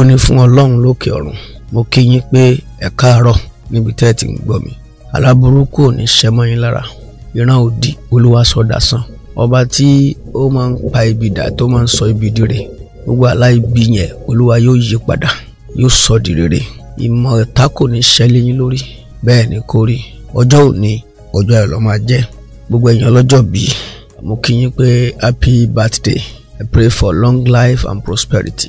ògo ni fún ọlọ́run lókè ọ̀run mo kí yín pé ẹ káàárọ̀ níbi tẹ́ ẹ ti ń gbọ́ mi aláburúkú ò ní ṣẹ́ mọ́ yín lára ìran òdì olúwa sọdà san ọba tí ó máa ń pa ibi dà tó máa ń sọ ibi di rẹ̀ gbogbo aláìbí yẹn olúwa yóò yí padà yóò sọ di rere ìmọ̀ ẹ̀ta kò ní ṣẹlẹ̀ yín lórí bẹ́ẹ̀ ni kò rí ọjọ́ òní ọjọ́ ẹ̀ máa jẹ́ gbogbo ẹ̀yin ọlọ́jọ́ bíi mo kí yín pé happy birthday I pray for long life and prosperity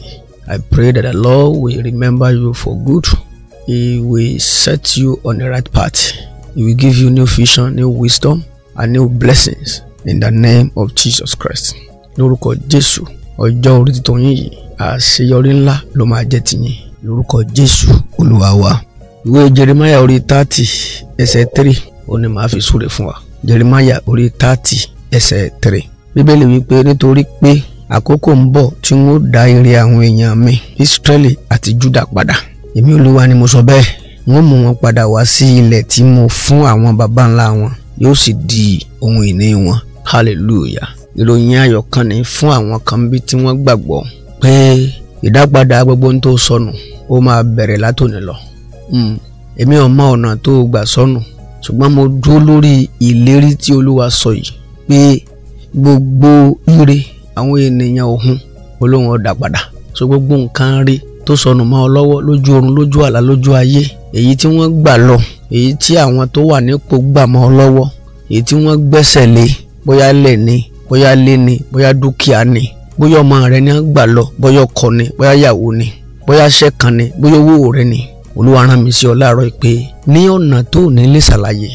I pray that the Lord will remember you for good. He will set you on the right path. He will give you new vision, new wisdom, and new blessings in the name of Jesus Christ. Lórúkọ Jésù, ọjọ́ orí titun yín yìí, àṣeyọrí ńlá ló máa jẹ́ tiyín. Lórúkọ Jésù, Olúwa wa. Ìwé Jeremiah orí thirty ẹsẹ̀ three ó ní màá fi súre fún wa. Jeremiah orí thirty ẹsẹ̀ three. Bíbélì wípé nítorí pé àkókò ń bọ̀ tí wọ́n dá ire àwọn èèyàn mi Ísírẹ́lì àti Júdà padà èmi Olúwa ni mo sọ bẹ́ẹ̀ wọ́n mú wọn padà wá sí ilẹ̀ tí mo fún àwọn baba ńlá wọn yóò sì di ohun ìní wọn hallelujah ìròyìn ayọ̀ kan ní fún àwọn kan bí tí wọ́n gbàgbọ́ pé ìdápadà gbogbo ń tó sọnù ó máa bẹ̀rẹ̀ látòní lọ hmm. èmi ò mọ ọ̀nà tó gbà sọnù ṣùgbọ́n mo dúró lórí ìlérí tí Olúwa sọ yìí pé gbogbo ire àwọn ènìyàn ọ̀hún olóhùn ọ̀dà padà so gbogbo nǹkan rí tó sọnù mọ́ ọ lọ́wọ́ lójú oorun lójú àlá lójú ayé èyí tí wọ́n gbà lọ èyí tí àwọn tó wà nípò gbà mọ́ ọ lọ́wọ́ èyí tí wọ́n gbẹ́sẹ̀ lé bóyá lẹ̀ ni bóyá lé ni bóyá dúkìá ni bóyá ọmọ rẹ ni wọ́n gbà lọ bóyá ọkọ ni bóyá ìyàwó ni bóyá iṣẹ́ kan ni bóyá owó rẹ ni olúwa rán mi sí ọ láàárọ̀ pé ní ọ̀nà tó ní lè ṣàlàyé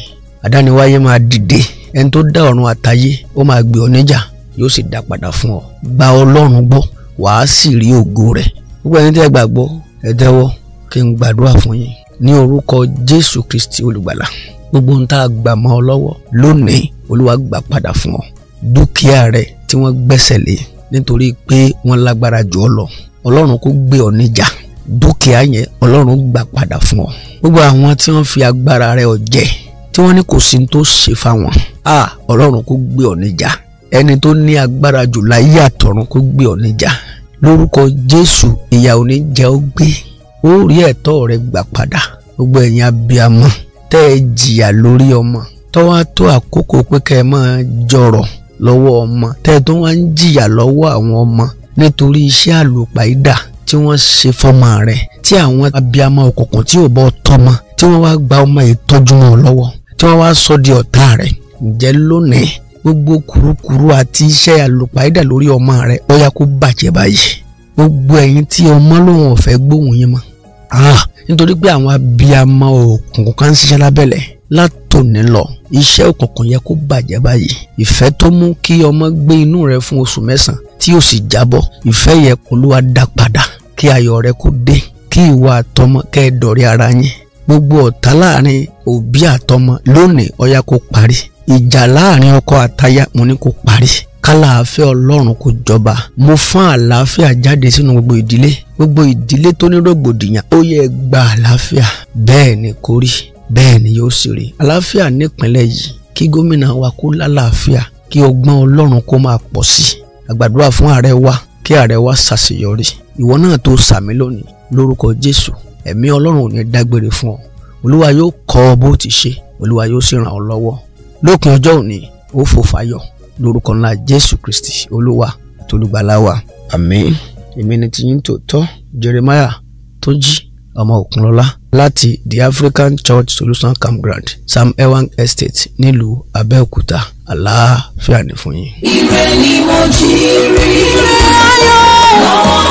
àdániwáyé máa dìde ẹni tó dá ọ̀run àtayé ó máa gbé ọ níjà yóò sì dá padà fún ọ gba ọlọ́run gbọ́ wàá sì rí ògo rẹ̀ gbogbo ẹni tí ẹ gbàgbọ́ ẹ dẹ́wọ́ kí n gbàdúrà fún yín ní orúkọ jésù kristi olùgbàlà gbogbo ń tá a gbà mọ́ ọ lọ́wọ́ lónìí olúwa gbà padà fún ọ dúkìá rẹ tí wọ́n gbẹ́sẹ̀ lé nítorí pé wọ́n lágbára jù ọ lọ ọlọ́run kò gbé ọ níjà dúkìá yẹn ọlọ́run gbà padà fún ọ gbogbo àwọn tí wọ́n fi agbára rẹ ọ jẹ tí wọ́n ní kò sí tó ṣe fáwọn a ọlọ́run kò gbé ọ níjà ẹni tó ní agbára jù láyé àtọ̀run kó gbé ọ níjà lórúkọ jésù ìyà oníjà ó gbé ó rí ẹ̀tọ́ rẹ gbà padà gbogbo ẹ̀yin abiyamọ tẹ́ ẹ jìyà lórí ọmọ tọ́wọ́ á tó àkókò pé kẹ́ ẹ máa jọ̀rọ̀ lọ́wọ́ ọmọ tẹ́ ẹ tó wá ń jìyà lọ́wọ́ àwọn ọmọ nítorí iṣẹ́ àlùpàídà tí wọ́n ṣe fọ́mọ rẹ̀ tí àwọn abiyamọ òkùnkùn tí ò bọ́ tọ́mọ tí wọ́n wá gba ọmọ ìtọ́jú wọn lọ́wọ́ tí wọ́n wá sọ di ọ̀tá rẹ̀ ǹjẹ́ lónìí gbogbo kùrukùru àti iṣẹ́ àlùpàídà lórí ọmọ rẹ ó yá kó bàjẹ́ báyìí gbogbo ẹ̀yin tí ọmọ lòun ò fẹ́ gbóhùn yín mọ́ ah, nítorí pé àwọn abiyamọ òkùnkùn kan ń ṣiṣẹ́ lábẹ́lẹ̀ látòní lọ iṣẹ́ òkùnkùn yẹ kó bàjẹ́ báyìí ìfẹ́ tó mú kí ọmọ gbé inú rẹ fún oṣù mẹ́sàn-án tí ó sì jábọ́ ìfẹ́ yẹ kó ló wá dá padà kí ayọ̀ rẹ kó dé kí ìwà àtọmọ kẹ́ ẹ dọ̀rẹ́ ara yín gbogbo ọ̀tá láàrin òbí àtọmọ lónìí ó kó parí ìjà láàrin ọkọ àtaya mo ní kó parí kálàáfẹ́ ọlọ́run kò jọba mo fún àlàáfíà jáde sínú gbogbo ìdílé gbogbo ìdílé tó ní rògbòdìyàn ó yẹ gba àlàáfíà bẹ́ẹ̀ ni kò rí bẹ́ẹ̀ ni yóò sì rí àlàáfíà nípínlẹ̀ yìí kí gómìnà wa kó lálàáfíà kí ọgbọ́n ọlọ́run kó máa pọ̀ sí i àgbàdúrà fún ààrẹ wa kí ààrẹ wa ṣàṣeyọrí ìwọ náà tó sàmí lónìí lórúkọ jésù ẹ̀mí ọlọ́run ò ní dágbére fún ọ olúwa yóò kọ́ bó ti ṣe olúwa yóò sì ràn ọ lọ́wọ́ lópin ọjọ́ òní ó fò fáyọ̀ lórúkọ ńlá jésù kristi olúwa tolúgbàláwa àmín èmi ni tiyín tòótọ́ jeremiah tó jí ọmọ òkunlọ́lá láti the african church solution campground sam ewang estate nílùú abẹ́òkúta àlàáfíà ní fún yín. ire ni mo jí rí ire ayọ̀ lọ́wọ́.